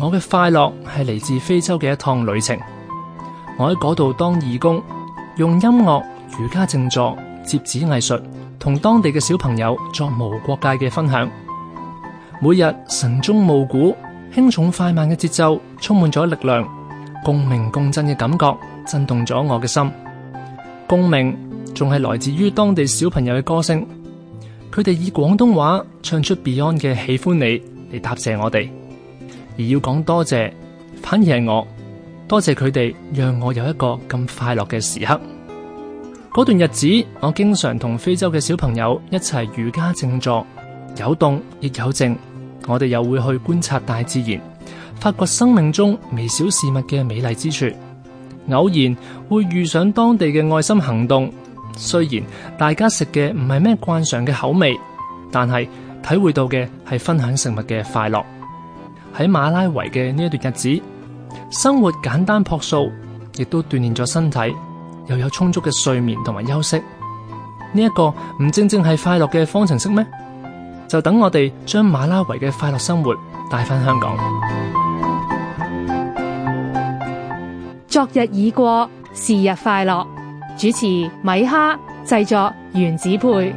我嘅快樂係嚟自非洲嘅一趟旅程。我喺嗰度當義工，用音樂、瑜伽靜坐、摺紙藝術，同當地嘅小朋友作無國界嘅分享。每日晨鐘暮鼓，輕重快慢嘅節奏充滿咗力量，共鳴共振嘅感覺震動咗我嘅心。共鳴仲係來自於當地小朋友嘅歌聲，佢哋以廣東話唱出 Beyond 嘅《喜歡你》嚟答謝我哋。而要講多謝，反而係我多謝佢哋，讓我有一個咁快樂嘅時刻。嗰段日子，我經常同非洲嘅小朋友一齊瑜伽靜坐，有動亦有靜。我哋又會去觀察大自然，發覺生命中微小事物嘅美麗之處。偶然會遇上當地嘅愛心行動，雖然大家食嘅唔係咩慣常嘅口味，但係體會到嘅係分享食物嘅快樂。喺馬拉維嘅呢一段日子，生活簡單樸素，亦都鍛煉咗身體，又有充足嘅睡眠同埋休息。呢、這、一個唔正正係快樂嘅方程式咩？就等我哋將馬拉維嘅快樂生活帶翻香港。昨日已過，是日快樂。主持米哈，製作袁子培。